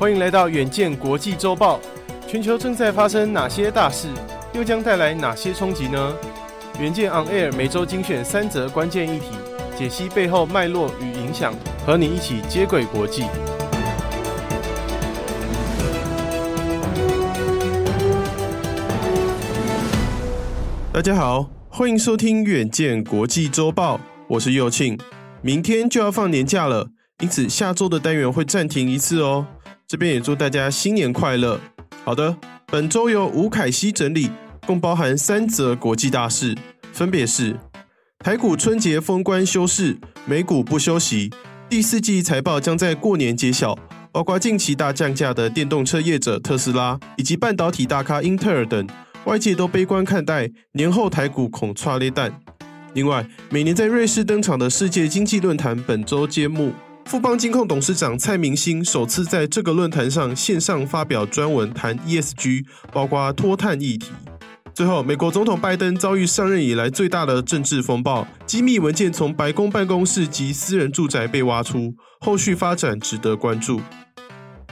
歡迎來到遠見國際週報。全球正在發生哪些大事，又將帶來哪些衝擊呢？遠見 On Air 每週精選三則關鍵議題，解析背後脈絡與影響，和你一起接軌國際。大家好，歡迎收聽遠見國際週報，我是右慶。明天就要放年假了，因此下週的單元會暫停一次哦。這邊也祝大家新年快樂。好的，本周由吳凱熙整理，共包含三則國際大事，分別是：台股春節封關休市，美股不休息，第四季財報將在過年揭曉。包括近期大降價的電動車業者特斯拉，以及半導體大咖英特爾等，外界都悲觀看待年後台股恐剉咧等。另外，每年在瑞士登場的世界經濟論壇本周揭幕。富邦金控董事長蔡明興首次在這個論壇上線上發表專文談 ESG，包括脫碳議題。最後，美國總統拜登遭遇上任以來最大的政治風暴，機密文件從白宮辦公室及私人住宅被挖出，後續發展值得關注。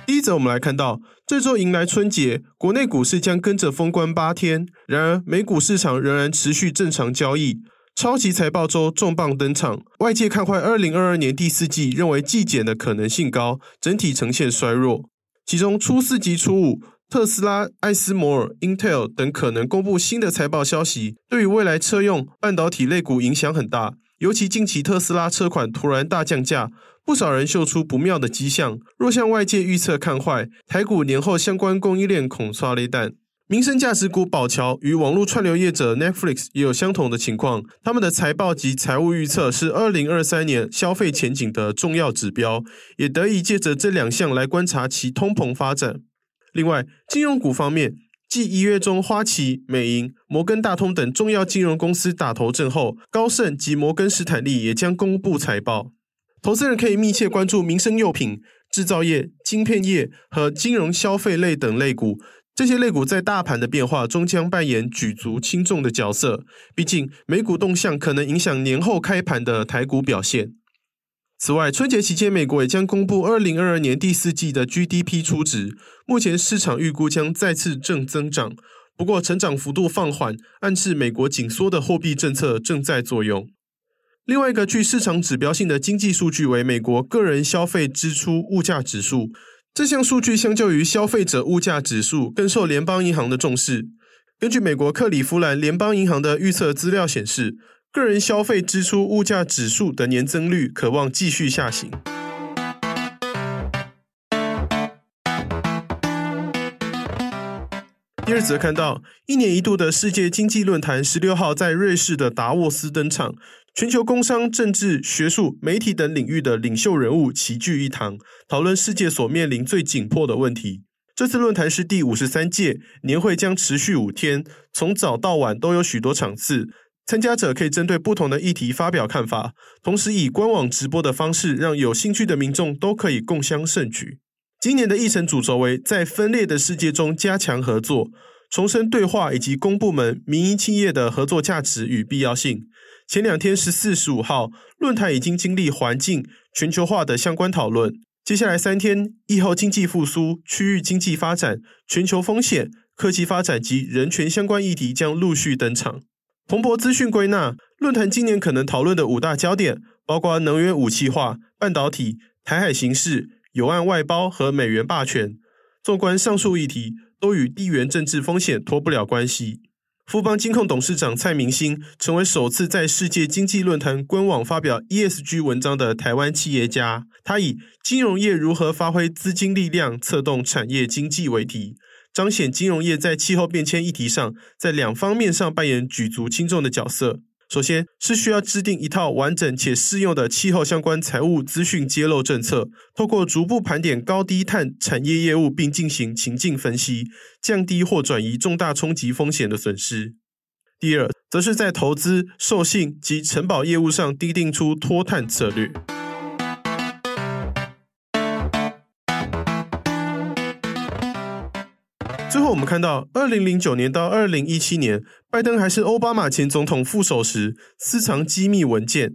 第一則，我們來看到這週迎來春節，國內股市將跟着封關八天，然而美股市場仍然持續正常交易。超級財報週重磅登場，外界看壞2022年第四季，認為季減的可能性高，整體呈現衰弱。其中初四及初五，特斯拉、艾斯摩爾、Intel 等可能公布新的財報消息，對於未來車用半導體類股影響很大。尤其近期特斯拉車款突然大降價，不少人秀出不妙的跡象。若向外界預測看壞，台股年後相關供應鏈恐刷雷彈。民生價值股寶僑與網絡串流業者 Netflix 也有相同的情況，他們的財報及財務預測是二零二三年消費前景的重要指標，也得以借着這兩項來觀察其通膨發展。另外，金融股方面，繼一月中花旗、美銀、摩根大通等重要金融公司打頭陣後，高盛及摩根士丹利也將公布財報，投資人可以密切關注民生用品、制造業、晶片業和金融消費類等類股。這些類股在大盤的變化中將扮演舉足輕重的角色，畢竟美股動向可能影響年後開盤的台股表現。此外，春節期間美國也將公布二零二二年第四季的 GDP 初值，目前市場預估將再次正增長，不過成長幅度放緩，暗示美國緊縮的貨幣政策正在作用。另外一個具市場指標性的經濟數據為美國個人消費支出物價指數。這項數據相較於消費者物價指數更受聯邦銀行的重視。根據美國克利夫蘭聯邦銀行的預測資料顯示，個人消費支出物價指數的年增率可望繼續下行。第二則看到，一年一度的世界經濟論壇十六號在瑞士的達沃斯登場。全球工商、政治、學術、媒體等領域的領袖人物齊聚一堂，討論世界所面臨最緊迫的問題。這次論壇是第五十三屆年會，將持續五天，從早到晚都有許多場次。參加者可以針對不同的議題發表看法，同時以官網直播的方式，讓有興趣的民眾都可以共襄盛舉。今年的議程主軸為在分裂的世界中加強合作、重申對話以及公部門、民營企業的合作價值與必要性。前兩天十四十五號論壇已經經歷環境全球化的相關討論，接下來三天，疫後經濟復甦、區域經濟發展、全球風險、科技發展及人權相關議題將陸續登場。彭博資訊歸納論壇今年可能討論的五大焦點，包括能源武器化、半導體、台海形勢、友岸外包和美元霸權。縱觀上述議題，都與地緣政治風險脫不了關係。富邦金控董事長蔡明興成為首次在世界經濟論壇官網發表 ESG 文章的台灣企業家。他以“金融業如何發揮資金力量，策動產業經濟”為題，彰顯金融業在氣候變遷議題上，在兩方面上扮演舉足輕重的角色。首先，是需要制定一套完整且適用的氣候相關財務資訊揭露政策，透過逐步盤點高低碳產業業務並進行情境分析，降低或轉移重大衝擊風險的損失。第二，則是在投資、授信及承保業務上擬定出脫碳策略。最後，我們看到，二零零九年到二零一七年，拜登還是奧巴馬前總統副手時，私藏機密文件。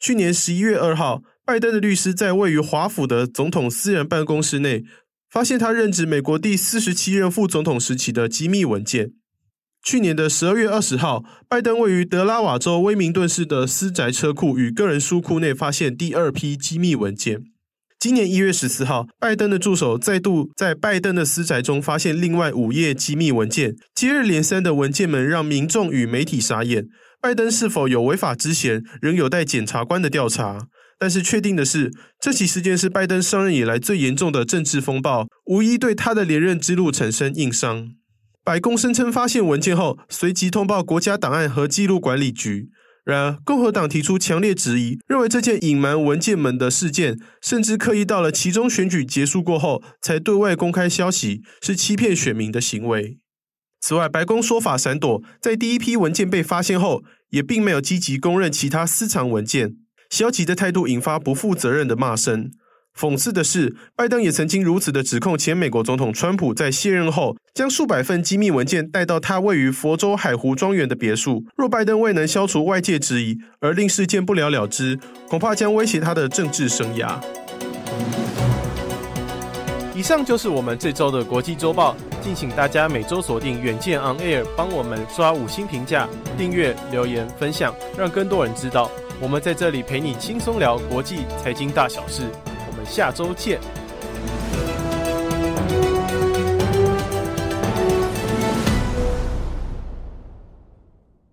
去年十一月二號，拜登的律師在位於華府的總統私人辦公室內，發現他任職美國第四十七任副總統時期的機密文件。去年的十二月二十號，拜登位於德拉瓦州威明頓市的私宅車庫與個人書庫內，發現第二批機密文件。今年一月十四號，拜登的助手再度在拜登的私宅中發現另外五頁機密文件。接二連三的文件門讓民眾與媒體傻眼。拜登是否有違法之嫌，仍有待檢察官的調查。但是確定的是，這起事件是拜登上任以來最嚴重的政治風暴，無疑對他的連任之路產生硬傷。白宮聲稱發現文件後，隨即通報國家檔案和記錄管理局。然而，共和黨提出強烈質疑，認為這件隱瞞文件門的事件，甚至刻意到了期中選舉結束過後才對外公開消息，是欺騙選民的行為。此外，白宮說法閃躲，在第一批文件被發現後，也並沒有積極公認其他私藏文件，消極的態度引發不負責任的罵聲。諷刺的是，拜登也曾經如此的指控前美國總統川普，在卸任後將數百份機密文件帶到他位於佛州海湖莊園的別墅。若拜登未能消除外界質疑，而令事件不了了之，恐怕將威脅他的政治生涯。以上就是我們這周的國際周報。敬請大家每周鎖定《遠見 On Air》，幫我們刷五星評價、訂閱、留言、分享，讓更多人知道我們在這裡陪你輕鬆聊國際財經大小事。下周見。